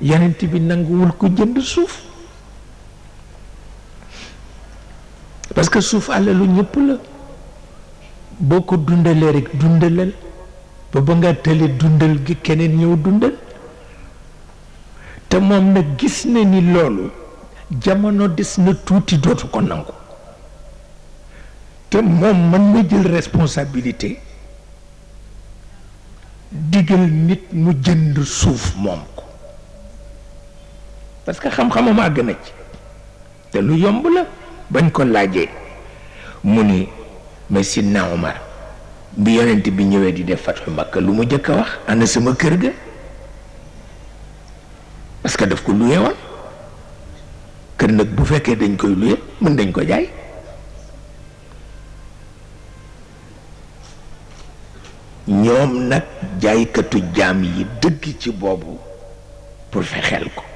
yonent bi nanguwul ko jënd suuf parce que suuf àlalu ñëpp la boo ko dundalee rek dundalal ba ba nga tële dundal gi keneen ñëw dundal te moom nag gis na ni loolu jamono des na tuuti dootu ko nangu te moom mën na jël responsabilité digal nit mu jënd suuf moom ko parce que xam-xamu màgg na ci te lu yomb la bañ ko laajee mu ni mais Sidna Omar bi yonent bi ñëwee di def fatxu Makka lu mu njëkk a wax ana sama kër ga parce que daf ko luye woon kër nag bu fekkee dañ koy luye mën dañ koo jaay ñoom nag jaaykatu jaam yi dëgg ci boobu pour fexeel ko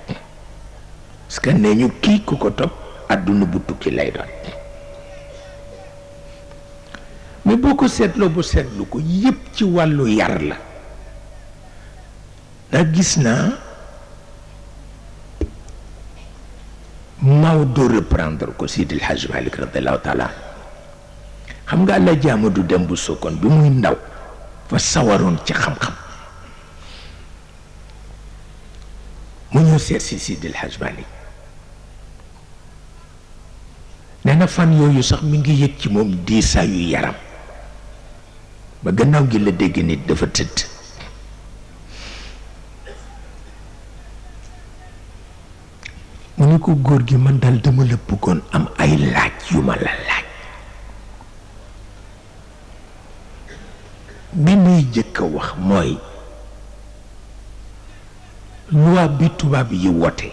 parce que nee ñu kii ku ko topp àdduna bu tukki lay doon mais boo ko seetloo bu seetlu ko yépp ci wàllu yar la ndax gis naa Maodo reprendre ko Sidi El Hadj Malick radiallahu taala xam nga àlla jaamadu dem bu sokkoon bi muy ndaw fa sawaroon ci xam-xam mu ñëw seet si Sidi El Hadj Malick nee na fan yooyu sax mu ngi yëg ci moom diisaayu yaram ba gannaaw gi la dégg nit dafa tëdd mu ni ko góor gi man daal dama la bëggoon am ay laaj yu ma la laaj bi muy jëkk a wax mooy loi bi tubaab yi wote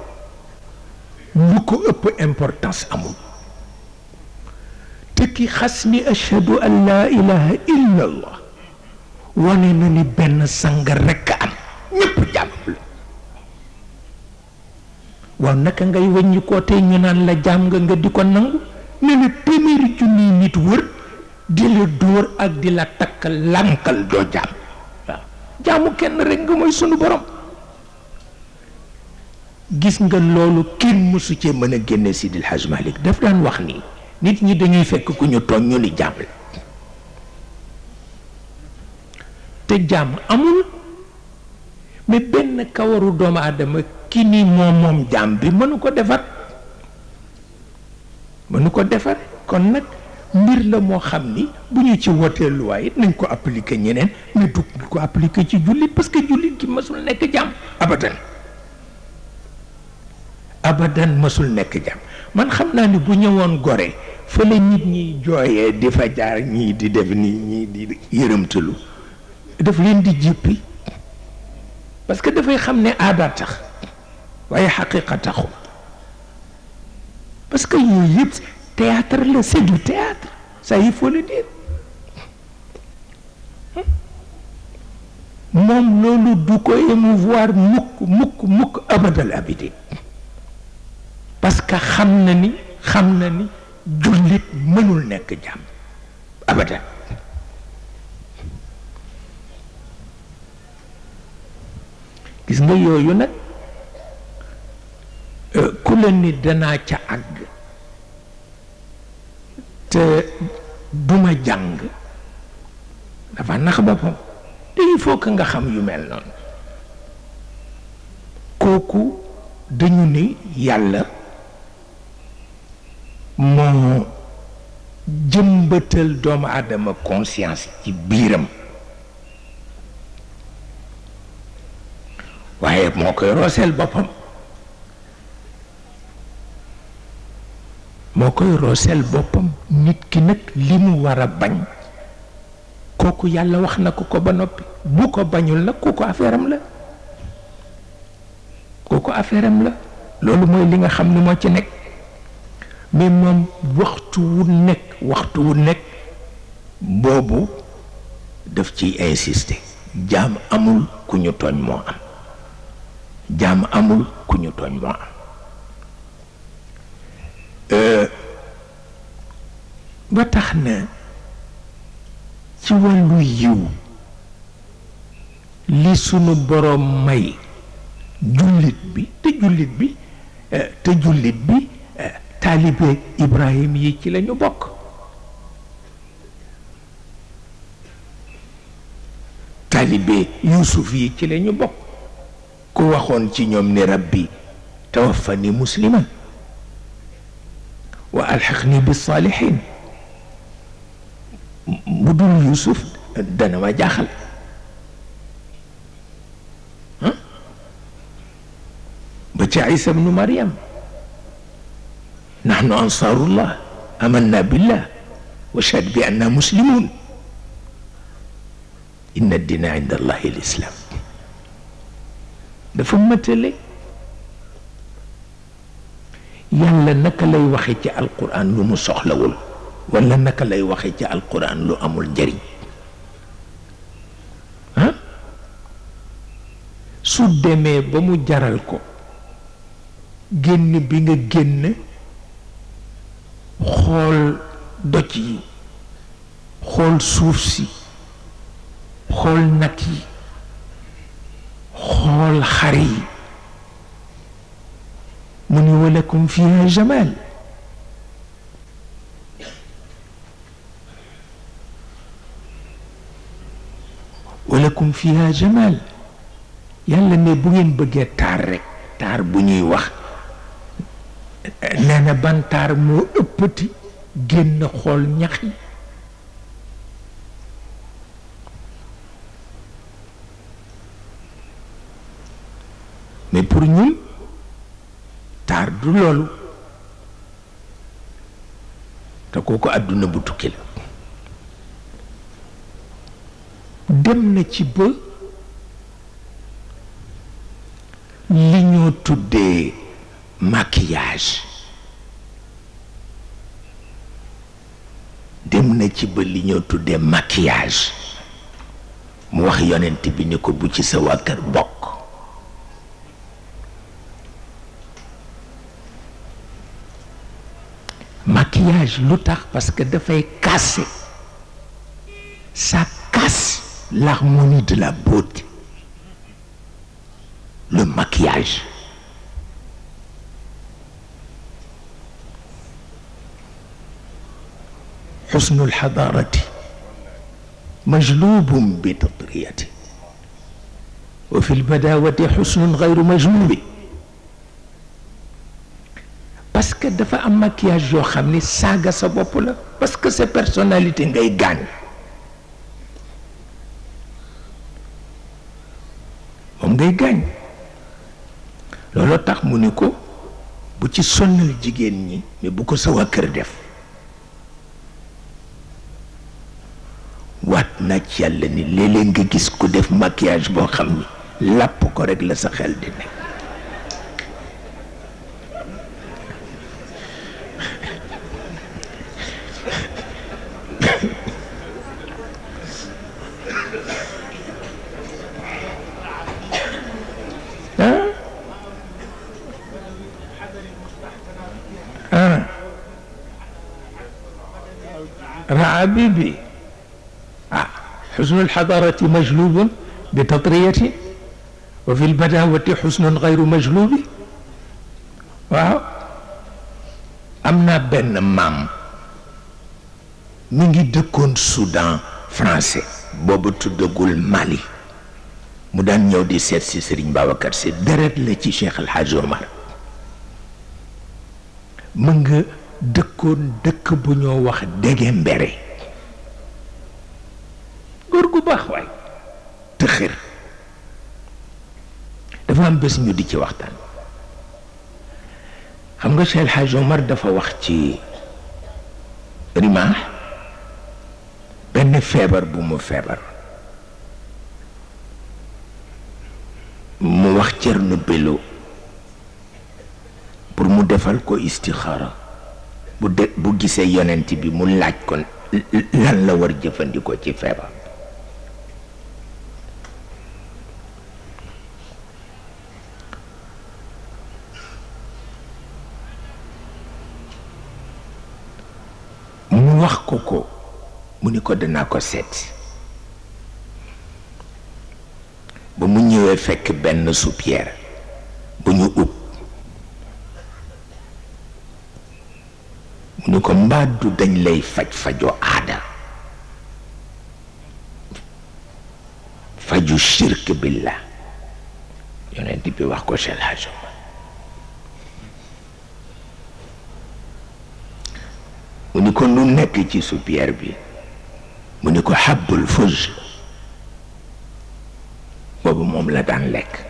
lu ko ëpp importance amul te ki xas ni ashhadu an laa ilaha illa wane na ni benn sang rekk am ñëpp jàmm la waaw naka ngay wàññi koo tey ñu naan la jaam nga nga di ko nangu ne la téeméeri junniy nit wër di la dóor ak di la takk lànkal doo jaam waaw jaamu kenn rek nga mooy sunu borom gis nga loolu kenn mësu cee mën a génne Sidi El Hadj Malick daf daan wax ni nit ñi dañuy fekk ku ñu tooñ ñu ni jàmm te jàmm amul mais benn kawaru doomu adama ki ni moom moom jàmm bi mënu ko defar mënu ko defar kon nag mbir la moo xam ni bu ñu ci wootee nañ ko appliquer ñeneen mais du ko appliquer ci jullit parce que jullit gi masul nekk jàmm abadan abadan mësul nekk jàmm man xam naa ni bu ñëwoon gore fële nit ñi jooyee di fa jaar ñii di def nii ñii di yërëmtalu daf leen di jippi parce que dafay xam ne aada tax waaye xaqiqa taxu parce que yooyu yëpp théâtre la c'est du théâtre ça il faut moom loolu du ko émouvoir mukk mukk mukk abadal abidi parce que xam na ni xam na ni jullit mënul nekk jàmm abadan gis nga yooyu nag euh, ku la ni danaa ca àgg te duma jàng dafa nax boppam te il faut nga xam yu mel noonu kooku dañu ni yàlla moo jëmbatal doomu aadama conscience ci biiram waaye moo koy rooseel boppam moo koy rooseel boppam nit ki nag li mu war a bañ kooku yàlla wax na ko ko ba noppi bu ko bañul nag kooku affaire am la kooku affaire am la loolu mooy li nga xam ni moo ci nekk mais moom waxtu wu nekk waxtu wu nekk boobu def ciy insister jaam amul ku ñu tooñ moo am jaam amul ku ñu tooñ moo am euh, ba tax na ci wàllu yiw li sunu boroom may jullit bi te jullit bi euh, te jullit bi talibé ibrahim yi ci lañu bok talibé yusuf yi ci lañu bok ku waxon ci ñom ni rabbi tawaffani musliman wa alhiqni bis salihin mudul yusuf dana ma jaxal ba ci isa ibn maryam نحن أنصار الله أمنا بالله وشهد بأننا مسلمون إن الدين عند الله الإسلام ده فمت لي يلا نك لا يوخيتي القران لو لول ولا نك لا يوخيتي القران لو امول جري ها سو مي بامو جارالكو генي بيغا генي خول دكي خول سوفسي خول نكي خول خري من ولكم فيها جمال ولكم فيها جمال يلا نبوين بقى تارك تار بني وخ لانا بان تار مو wëlbati génn xool ñax yi mais pour ñun taar du loolu te ko àdduna bu tukki la dem na ci ba li ñoo tuddee maquillage dem ci ba li ñoo tuddé maquillage mu wax yonent bi ni ko bu ci sa waa kër maquillage l'outard, parce que fay casser ça casse l'harmonie de la beauté le maquillage حسن الحضارة مجلوب بتضرية وفي البداوة حسن غير مجلوب باسكو دافا ام ماكياج جو خامني ساغا سا بوب لا باسكو سي بيرسوناليتي غاي غان موم غاي غان لولو تاخ مونيكو بو تي سونال جيجين ني مي بوكو سوا كير ديف waat naa ci yàlla ni léeg nga gis ku def maquillage boo xam ni làpp ko rek la sa xel di nekk ah. ah. bi. حسن الحضارة مجلوب بتطرية وفي البداوة حسن غير مجلوب أمنا بن مام من دكون سودان فرنسي بابو تدقول مالي مدان يو دي سير سي سرين بابا كرسي درد لكي شيخ الحاج عمر من دكون دك بنيو واخ دجن بري am bés ñu di ci waxtaan xam nga Cheikh El dafa wax ci rimaax benn feebar bu mu feebar mu wax Cerno Bello pour mu defal ko istixaara bu de bu gisee yonent bi mu laaj ko lan la war jëfandikoo ci feebar wax ko ko mu ni ko danaa ko seet ba mu ñëwee fekk benn soupière bu ñu ub mu ni ko mbaadu dañ lay faj fajo aada faju shirk billah yonent bi wax ko Cheikh kon lu nekk ci soupière bi mu ni ko xabbul fuz boobu moom la daan lekk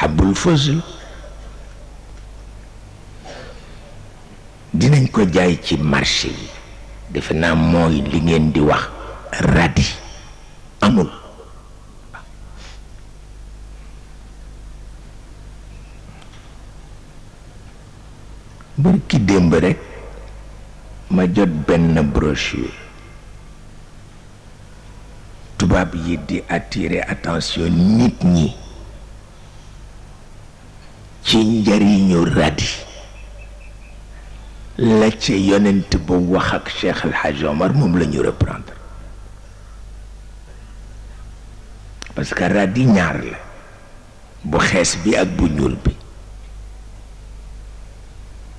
xabbul fuz dinañ ko jaay ci marché yi defe naa mooy li ngeen di wax radi bërki démb rek ma jot benn brochure tubaab yi di attirer attention nit ñi ci njariñu radi la ca yonent ba wax ak Cheikh El Hadj Omar moom lañu reprendre parce que radi ñaar la bu xees bi ak bu ñuul bi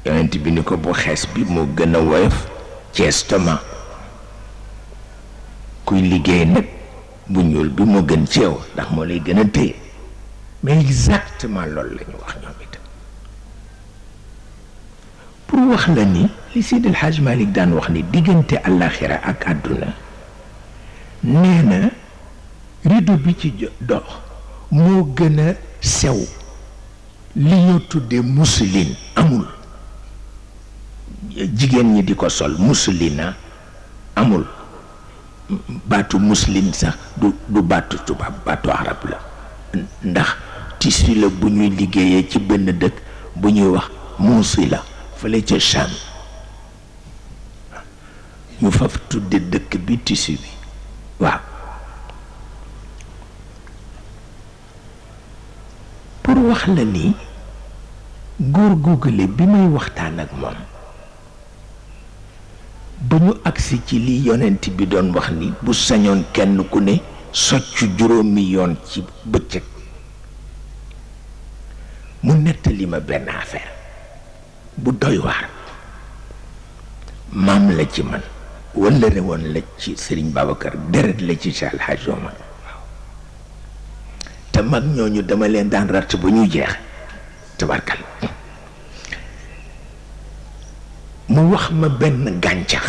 yonent bi ni ko bu xees bi moo gën a woyof ci estomac kuy liggéey nag bu ñuul bi moo gën ci yow ndax moo lay gën a téye mais exactement loolu la ñu wax ñoom itam pour wax la ni li Seydi El Hadj malik daan wax ni diggante àllaaxira ak àdduna nee na rideau bi ci dox moo gën a sew li ñu tuddee musulin amul jigéen ñi di ko sol musulina amul baatu muslim sax du baatu tubaab baatu arab la ndax tissu la bu ñuy liggéeyee ci benn dëkk bu ñuy wax muusi fale ca Cham ñu faf tudde dëkk bi tissu bi waaw pour wax la ni góor googale bi may waxtaan ak moom ba ñu agsi ci li yonent bi doon wax ni bu sañoon kenn ku ne socc juróomi yoon ci bëccëg mu nettali ma benn affaire bu doy waar maam la ci man wëllëre woon la ci sëriñ Babacar deret la ci Seex Al Hajj Omar te mag ñooñu dama leen daan ratt bu ñuy jeex tabarkal mu wax ma benn gàncax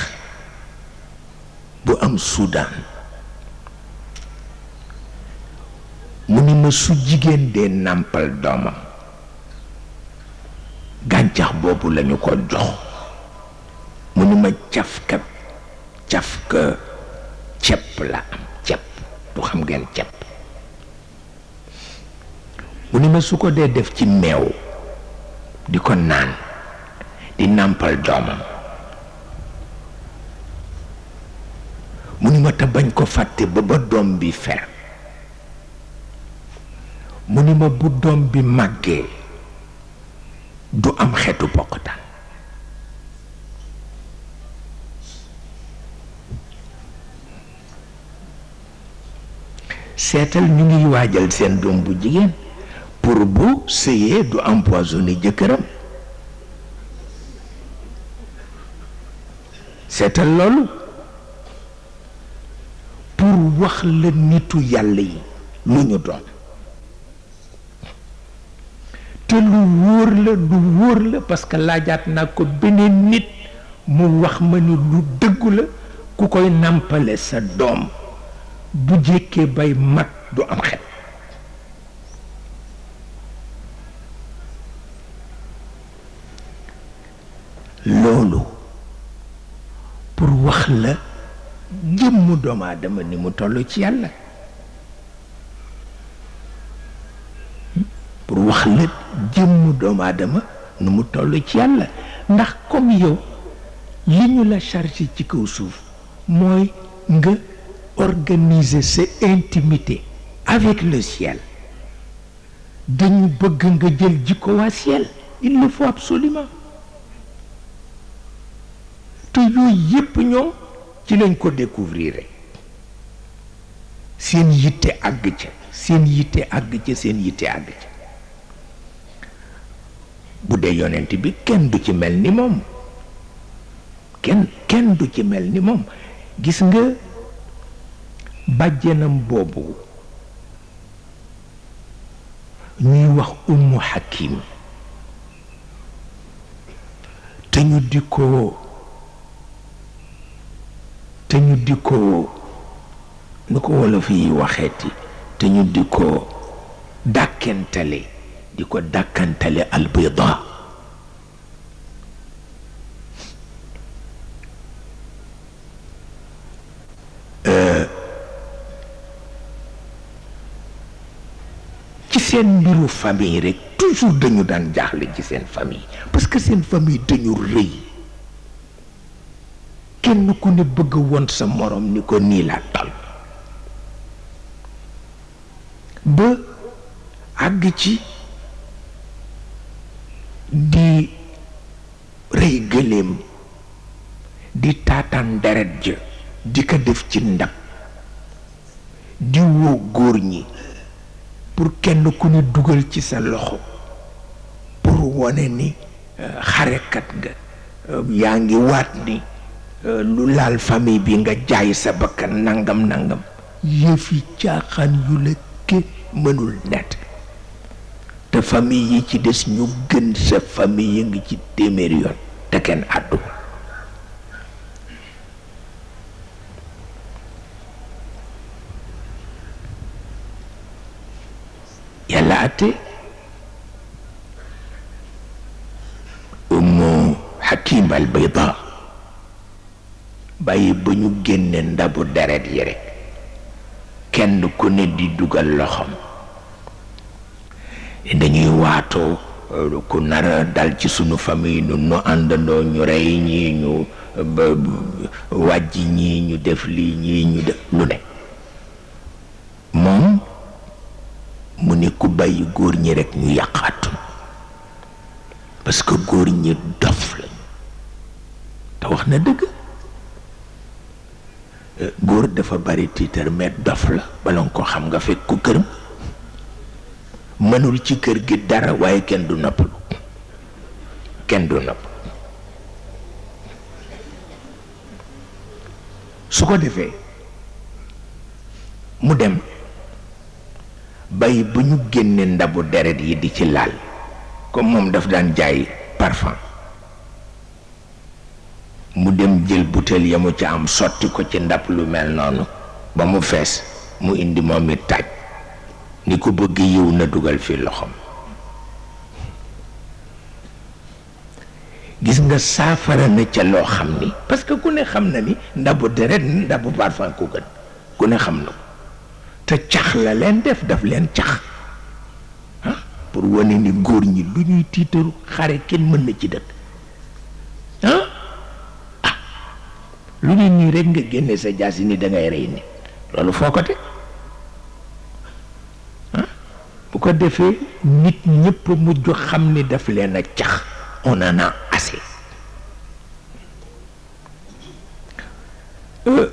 bu am Soudan mu ni ma su jigéen dee nàmpal doomam gàncax boobu lañu ko jox mu ni ma cafka cafka cepp la am cepp du xam ngeen cepp mu ni ma su ko dee def ci meew di ko naan di nàmpal doomam mu ni bañ ko fàtte ba ba doom bi fer mu bu doom bi màggee du am xeetu bokkutaan seetal ñu ngi waajal seen doom bu jigéen pour bu sëyee du empoisonné jëkkëram seetal loolu pour wax la nitu yàlla yi lu ñu doon te lu wóor la lu wóor la parce que laajaat naa ko beneen nit mu wax ma ni lu dëggu la ku koy nàmpale sa doom bu jékkee bay mag du am xet loolu pour wax la jëmmu doomu aadama ni mu toll ci yàlla pour wax la jëmmu doomu nu mu toll ci yàlla ndax comme yow li ñu la chargé ci kaw suuf mooy nga organiser sa intimité avec le ciel dañu bëgg nga jël jikko waa ciel il le faut absolument te yooyu yépp ñoom ci lañ ko découvrir seen yitte àgg ca seen yitte àgg ca seen yitte àgg ca bu dee yonent bi kenn du ci mel ni moom kenn du ci mel ni moom gis nga bàjjenam boobu ñuy wax ummu hakim te ñu di ko te ñu diko ko nu wolof yi te ñu du dakentale dàkkentale di al bayda albida ci seen mbiru famille rek toujours dañu daan jaaxle ci seen famille parce que seen famille dañu kenn ku ne bëgg won sa morom ni ko nii laa tol ba àgg ci di rëy gëléem di taataan deret ja di ko def ci ndab di woo góor ñi pour kenn ku ne dugal ci sa loxo pour wone ni euh, xarekat nga euh, yaa ngi waat ni Euh, lu laal famille bi nga jaay sa bakkan nangam nangam yëfi caaxaan yu la képp mënul nett te famille yi ci des ñu gën sa famille yi ngi ci téeméer yoon te kenn àddu yàlla àtte umu hakim al bàyyi ba ñu génnee ndabu deret yi rekk kenn ku ne di dugal loxoom dañuy waatoo ku nara dal ci sunu famille nu nu àndandoo ñu rey ñii ñu wàjj ñii ñu def lii ñii ñu def lu ne moom mu ne ku bàyyi góor ñi rekk ñu yàqaatun parce góor ñi dof lañu te wax na dëgg góor dafa bari tiitar mais dof la bala nga ko xam nga fekk ko këram mënul ci kër gi dara waaye kenn du noppalu kenn du nopp su ko defee mu dem bay bu ñu génnee ndabu deret yi di ci laal comme moom daf daan jaay parfum mu dem jël butéel ya mu ca am sotti ko ci ndab lu mel noonu ba mu fees mu indi moom it taaj ni ko bëgg yiw na dugal fi loxoom gis nga saafara na ca loo xam ni parce que ku ne xam na ni ndabu deret ndabu parfum ku gën ku ne xam na ko te cax la leen def daf leen cax ah pour wane ni góor ñi lu ñuy tiitaru xare kenn mën na ci dëkk lu ne nii rek nga génne sa jaasi ni da ngay rey ni loolu foo ko te ko defee nit ñëpp mujj xam ni daf leen a cax on en a assez euh,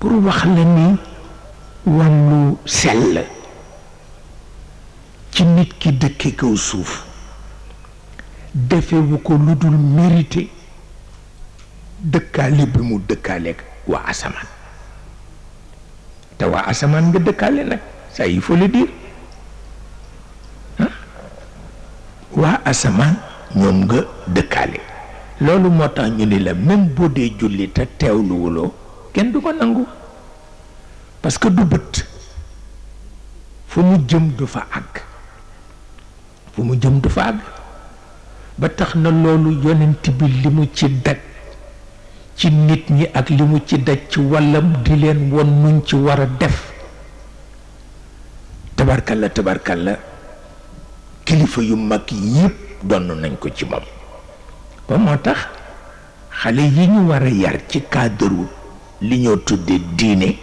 pour wax la ni wàllu sell ci nit ki dëkke kaw suuf defewu ko lu dul mérité dëkkaale bi mu dëkkaaleeg waa asamaan te waa asamaan nga dëkkaale nag ça il faut le dire waa asamaan ñoom nga dëkkaale loolu moo tax ñu ni la même boo dee julli te teewluwuloo kenn du ko nangu parce que du bët fu mu jëm du fa àgg fu mu jëm du fa àgg ba tax na loolu yonent bi li mu ci dagg ci nit ñi ak li ci daj ci wàllam di leen won nuñ ci war a def tabarkalla la kilifa yu mag yépp donn nañ ko ci moom ba moo tax xale yi ñu war a yar ci cadre li ñoo tudde diine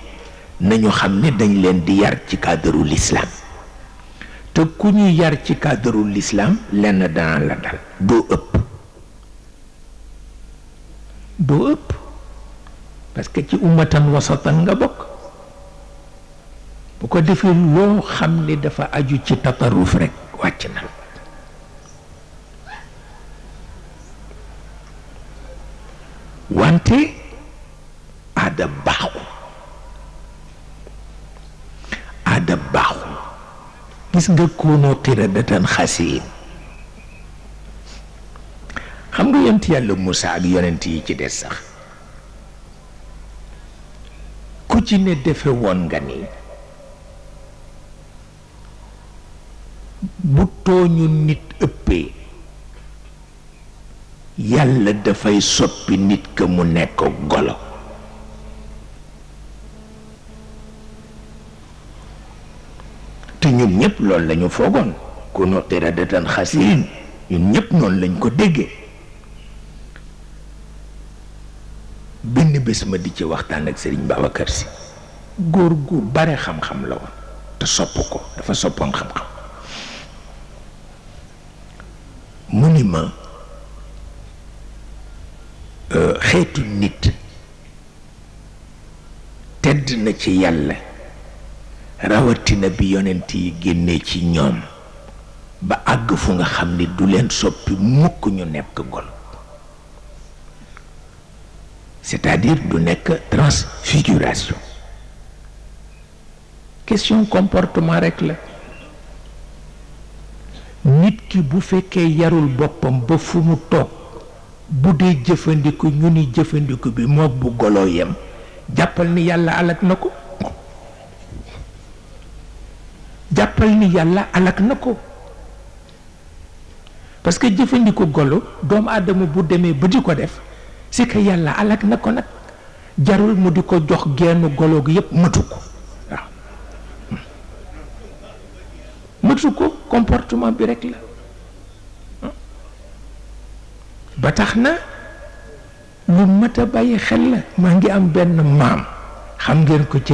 nañu xam ni dañ leen di yar ci cadre l'islam te ku ñuy yar ci cadre lislaam lenn dana la dal doo ëpp boo ëpp parce que ci umatan wasatan nga bokk bu ko defee loo xam ni dafa aju ci tataruf rek wàcc na wante aada baaxul aada baaxul gis nga koonoo xiradatan xasiin yonent yàlla Moussa yonent yi ci des sax ku ci ne defe woon nga ni bu tooñu nit ëppee yàlla dafay soppi nit ka mu nekk golo te ñun ñëpp lool lañu foogoon ku nuqira datan xasiin ñun ñëpp noonu lañ ko dégge sama ma di ci waxtaan ak Serigne Babacar Sy góor gu bare xam-xam la woon te sopp ko dafa soppoon xam-xam mu ni ma euh, xeetu nit tedd na ci yàlla rawatina bi yonent yi génnee ci ñoom ba àgg fu nga xam ni du leen soppi mukk ñu nekk gol c'est-à-dire du nekk transfiguration question comportement rek la nit ki bu fekke yarul bopam ba fu mu toog bu ñu ni jëfandiku bi mo bu golo yem ni yalla alak nako jappal ni yalla alak nako parce que jëfandiku golo doom adam bu démé bu di def c'est que yalla alak nako nak jarul mu diko jox genn golog gi matuko matuko mangi comportement bi rek la hmm. ba taxna lu mata baye xel la ma ngi am ben mam xam ngeen ko ci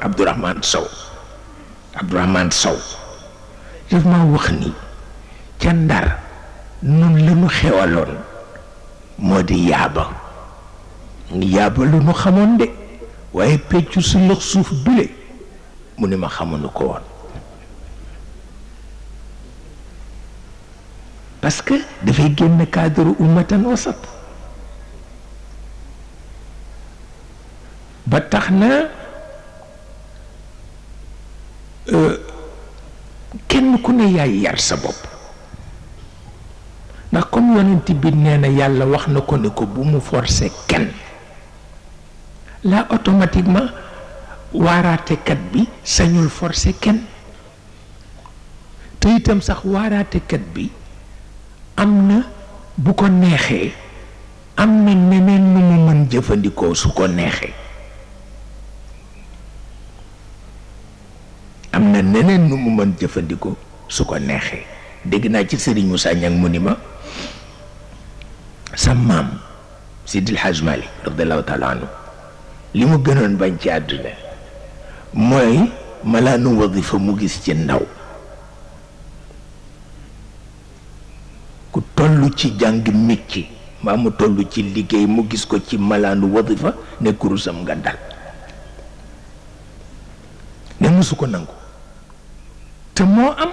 abdourahman saw abdourahman saw def ma wax ni ci ndar nun la xewalon modi yaba yaaba yaaba lu nu xamone de waye peccu su lox suuf bile mu ne ma xamone ko won parce que da fay génn cadre ummatan wasat ba taxna euh kenn ku ne yaay yar sa bopp yonent bi nee na yàlla wax na ko ne ko bu mu forcer kenn la automatiquement waaraatekat bi sañul forcer kenn te itam sax waaraatekat bi am na bu ko neexee am na neneen nu mu mën jëfandikoo su ko neexee na neneen jëfandikoo su ko neexee dégg naa ci Serigne Moussa Niang mu ni ma sa maam Sidil radiallahu taala li mu gënoon bañ ci àdduna mooy malaanu wadifa mu gis ci ndaw ku tollu ci jàng mikki mbaa mu tollu ci liggéey mu gis ko ci malaanu wadifa ne kurusam nga dal ne musu ko nangu te moo am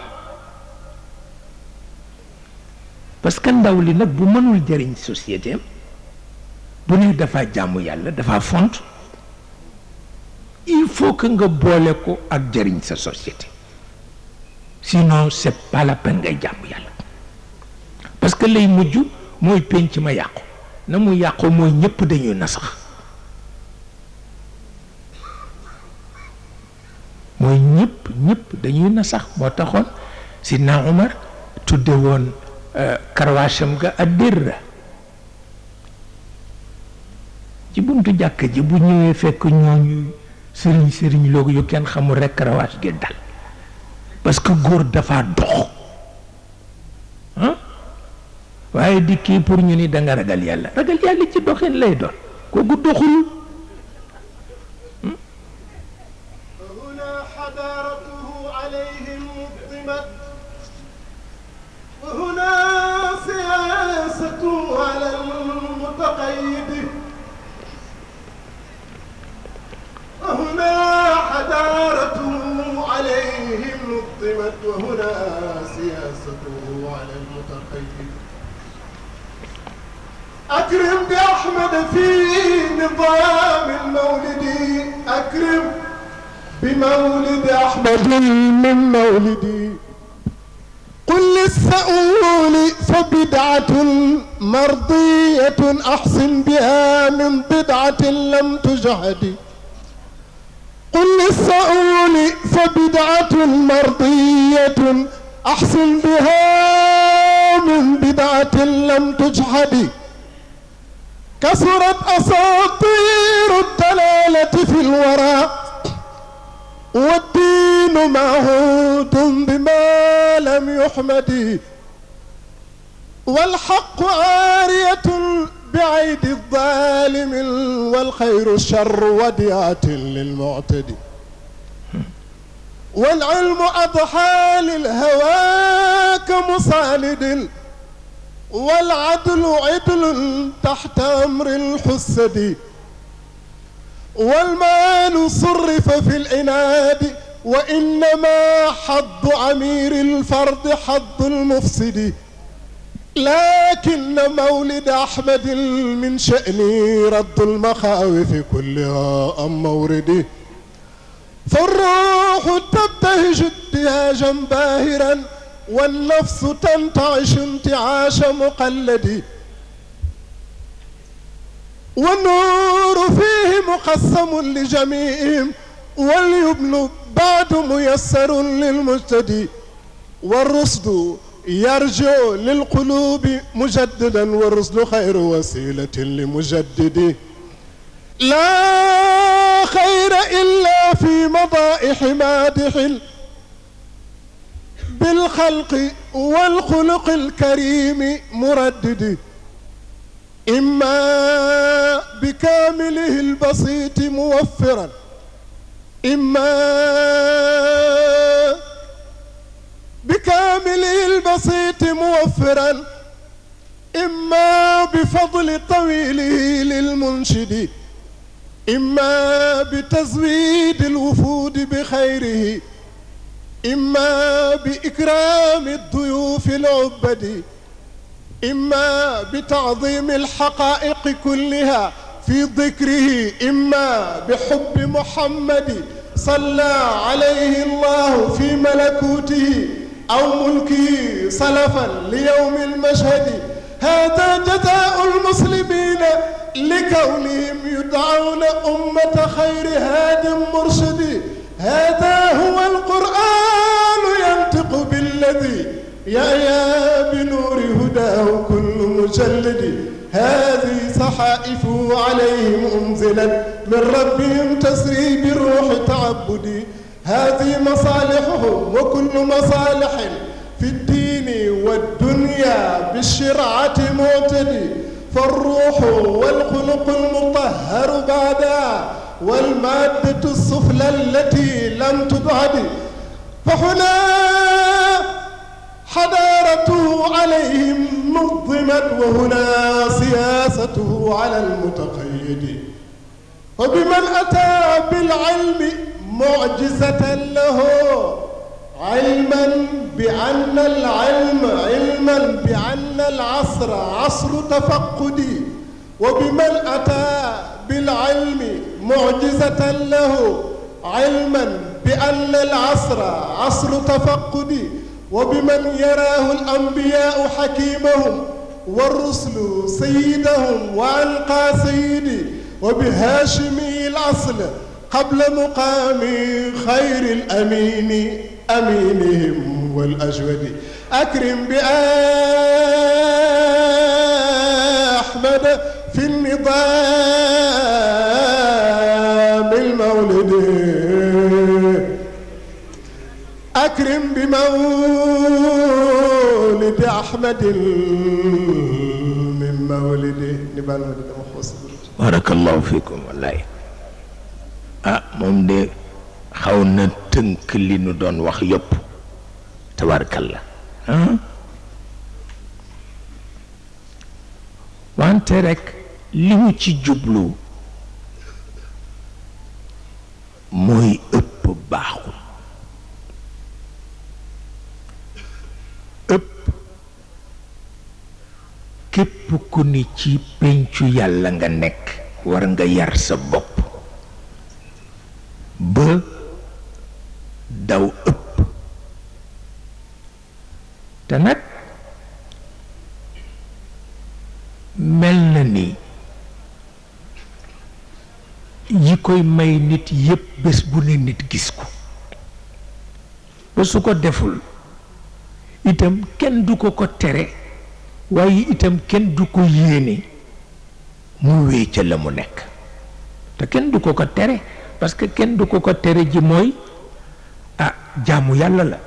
parce ndaw li nag bu mënul jëriñ société bu ne dafa jàmm yàlla dafa font il faut que nga boole ko ak jëriñ sa société sinon c'est pas la ngay jàmm yàlla parce que lay mujj mooy penc ma yàqu na mu yàqu mooy ñëpp dañuy nasax mooy ñëpp dañuy nasax moo taxoon si naa Umar tudde woon karwaasam ga addirra ci buntu jàkk ji bu ñëwee fekk ñooñu sëriñ sëriñ loogu yu kenn xamul rekk karawaas gi dal que góor dafa dox waaye di kii pour ñu ni da ragal yàlla ragal yàlla ci doxin lay doon kooku doxul هنا حضارته عليهم مظلمة أكرم بأحمد في نظام المولد أكرم بمولد أحمد من مولدي قل للسؤول فبدعة مرضية أحسن بها من بدعة لم تجهد قل للسؤول فبدعة مرضية أحسن بها من بدعة لم تجحد كثرت أساطير الدلالة في الورى والدين معهود بما لم يحمد والحق عارية بعيد الظالم والخير الشر وديعة للمعتدي والعلم أضحى للهوى كمصالد والعدل عدل تحت أمر الحسد والمال صرف في العناد وإنما حظ عمير الفرد حظ المفسد لكن مولد أحمد من شأني رد المخاوف كلها أم مورده فالروح تبتهج ابتهاجا باهرا والنفس تنتعش انتعاش مقلد والنور فيه مقسم لجميعهم واليبن بعد ميسر للمجتدي والرصد يرجع للقلوب مجددا والرصد خير وسيلة لمجدد لا خير إلا في مضائح مادح بالخلق والخلق الكريم مردد إما بكامله البسيط موفرا إما بكامله البسيط موفرا إما بفضل طويله للمنشد إما بتزويد الوفود بخيره إما بإكرام الضيوف العبد إما بتعظيم الحقائق كلها في ذكره إما بحب محمد صلى عليه الله في ملكوته أو ملكه صلفا ليوم المشهد هذا جزاء المسلمين لكونهم يدعون أمة خير هاد مرشد هذا هو القرآن ينطق بالذي يأيا بنور هداه كل مجلد هذه صحائف عليهم أنزلت من ربهم تسري بالروح تعبدي هذه مصالحهم وكل مصالح في الدين والدنيا بالشرعة معتدي فالروح والخلق المطهر بعدها والمادة السفلى التي لم تبعد فهنا حضارته عليهم نظمت وهنا سياسته على المتقيد وبمن أتى بالعلم معجزة له علما بأن العلم علما بأن العصر عصر تفقدي وبمن أتى بالعلم معجزة له علما بأن العصر عصر تفقد وبمن يراه الأنبياء حكيمهم والرسل سيدهم وألقى سيدي وبهاشمي الأصل قبل مقام خير الأمين أمينهم والأجود أكرم بأحمد في النضال أكرم بمولد أحمد من مولده نبال مولد بارك الله فيكم والله آه مومدي خاونا تنك لي ندون واخ تبارك الله ها آه؟ وانت رك لي موي képp ku ni ci péncu yàlla nga nekk war nga yar sa bopp ba daw ëpp te nag mel na ni yi koy may nit yépp bés bu ne nit gis ko ba su ko deful itam kenn du ko ko tere waaye itam kenn du ko yéene mu wéy la mu nekk te kenn du ko ko tere parce que kenn du ko ko tere ji mooy ah jaamu yàlla la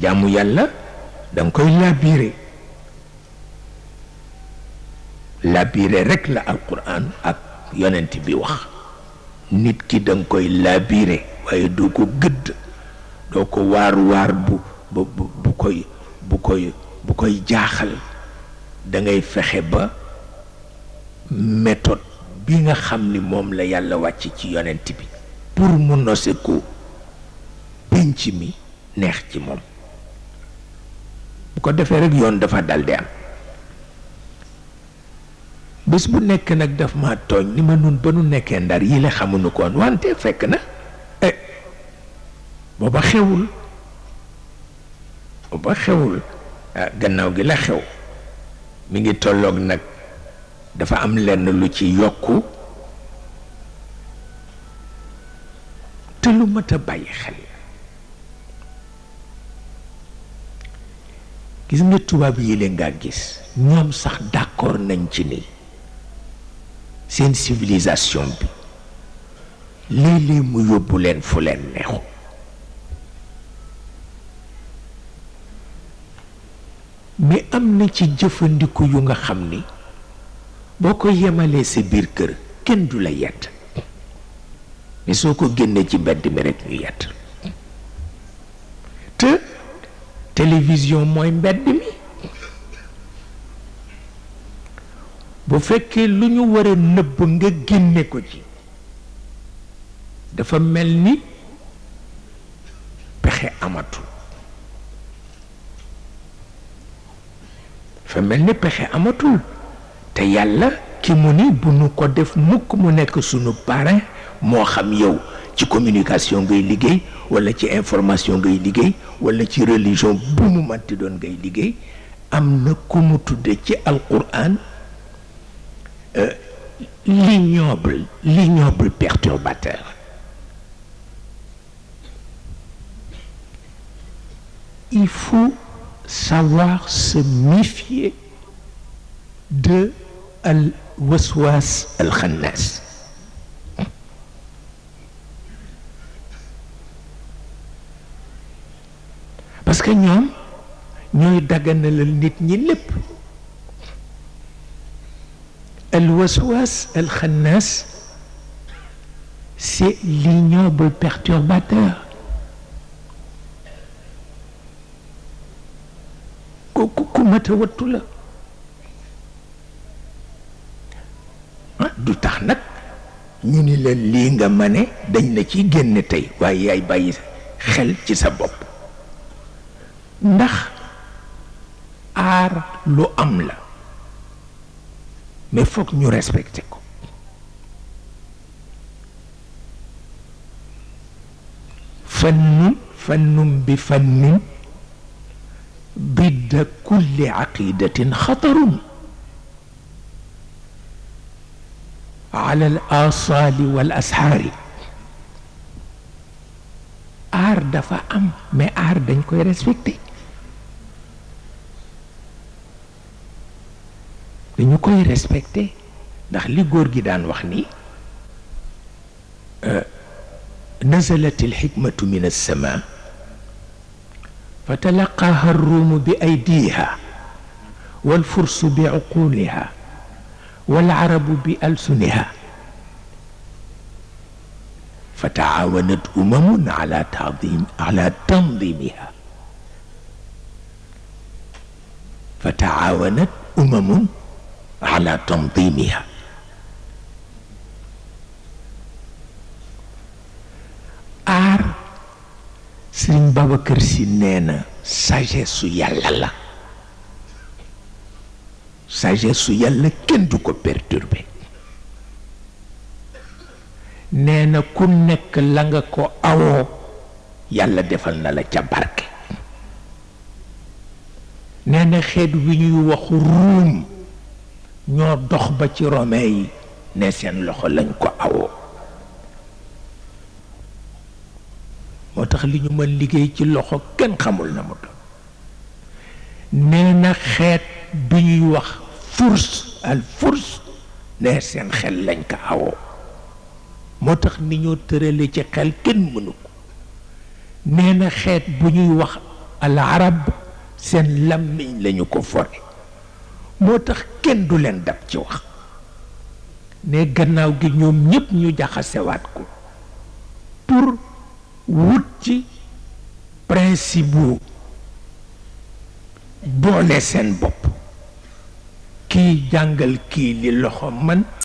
jaamu yàlla danga koy labiré labiré rekk la alquran ak yonent bi wax nit ki danga koy labiré waaye doo ko gëdd doo ko waar waar bu bu bu koy bu koy bu koy jaaxal da ngay fexe ba méthode bi nga xam ni moom la yàlla wàcc ci yonent bi pour mu nose ko pénc mi neex ci moom bu ko defee rekk yoon dafa daldi am bés bu nekk nag daf ma tooñ ni ma nun ba nu nekkee ndar yi la xamuñu koon wante fekk na eh booba xewul ba xewul ah, gannaaw gi la xew mi ngi tolloog nag dafa am lenn lu ci yokku te lu mat a bàyyi xel gis nga tubaab yi leen ngaa gis ñoom sax d'accord nañ ci ni seen civilisation bi léeg-léeg mu yóbbu leen fu leen neexu am na ci jëfandiku yu nga xam ni boo ko yemalee sa biir kër kenn du la yett mais soo ko génnee ci mbedd mi rekk ñu yett te télévision mooy mbedd mi bu fekkee lu ñu war a nëbb nga génne ko ci dafa mel ni pexe amatul fa mel ni pexe amatul té yalla ki mu ni bu nu ko def mukk mu nek sunu parrain mo xam yow ci communication ngay liggéey wala ci information ngay liggéey wala ci religion bu mu manti doon ngay liggéey amna mu tudde ci alquran euh, l'ignoble l'ignoble perturbateur il faut savoir se méfier de al-waswas al-khannas. Parce que nous, nous le nit ñi al-waswas al-khannas c'est l'ignoble perturbateur kooku ku mata wattu la ah, du tax nag ñu ni leen lii nga ma ne dañ la ciy génn tey waaye yaay bàyyi xel ci sa bopp ndax aar lu am la mais foog ñu respecté ko fannum fannum bi fannum bi عند كل عقيدة خطر على الآصال والأسحار aar dafa am mais aar dañ koy respecté dañu koy respecté ndax li góor gi daan wax ni nazalat alxikmatu min alsama فتلقاها الروم بأيديها والفرس بعقولها والعرب بألسنها فتعاونت أمم على تعظيم على تنظيمها فتعاونت أمم على تنظيمها Babacar si nee na sagesse su yàlla la sagesse su yàlla kenn du ko perturber nee na ku nekk la nga ko awoo yàlla defal na la ca barke nee na xeet wi ñuy waxu ruum ñoo dox ba ci romain yi ne seen loxo lañ ko awoo moo tax li ñu mën liggéey ci loxo kenn xamul na mu doon nee na xeet bi ñuy wax furs al furs nee seen xel lañ ko awoo moo tax ni ñoo tërale ci xel kenn mënu ko nee na xeet bu ñuy wax al arab seen làmmiñ lañu ko fore moo tax kenn du leen dab ci wax ne gannaaw gi ñoom ñépp ñu jaxasewaat ko pour wut ci principe boole seen bopp kiy jàngal kii li loxo man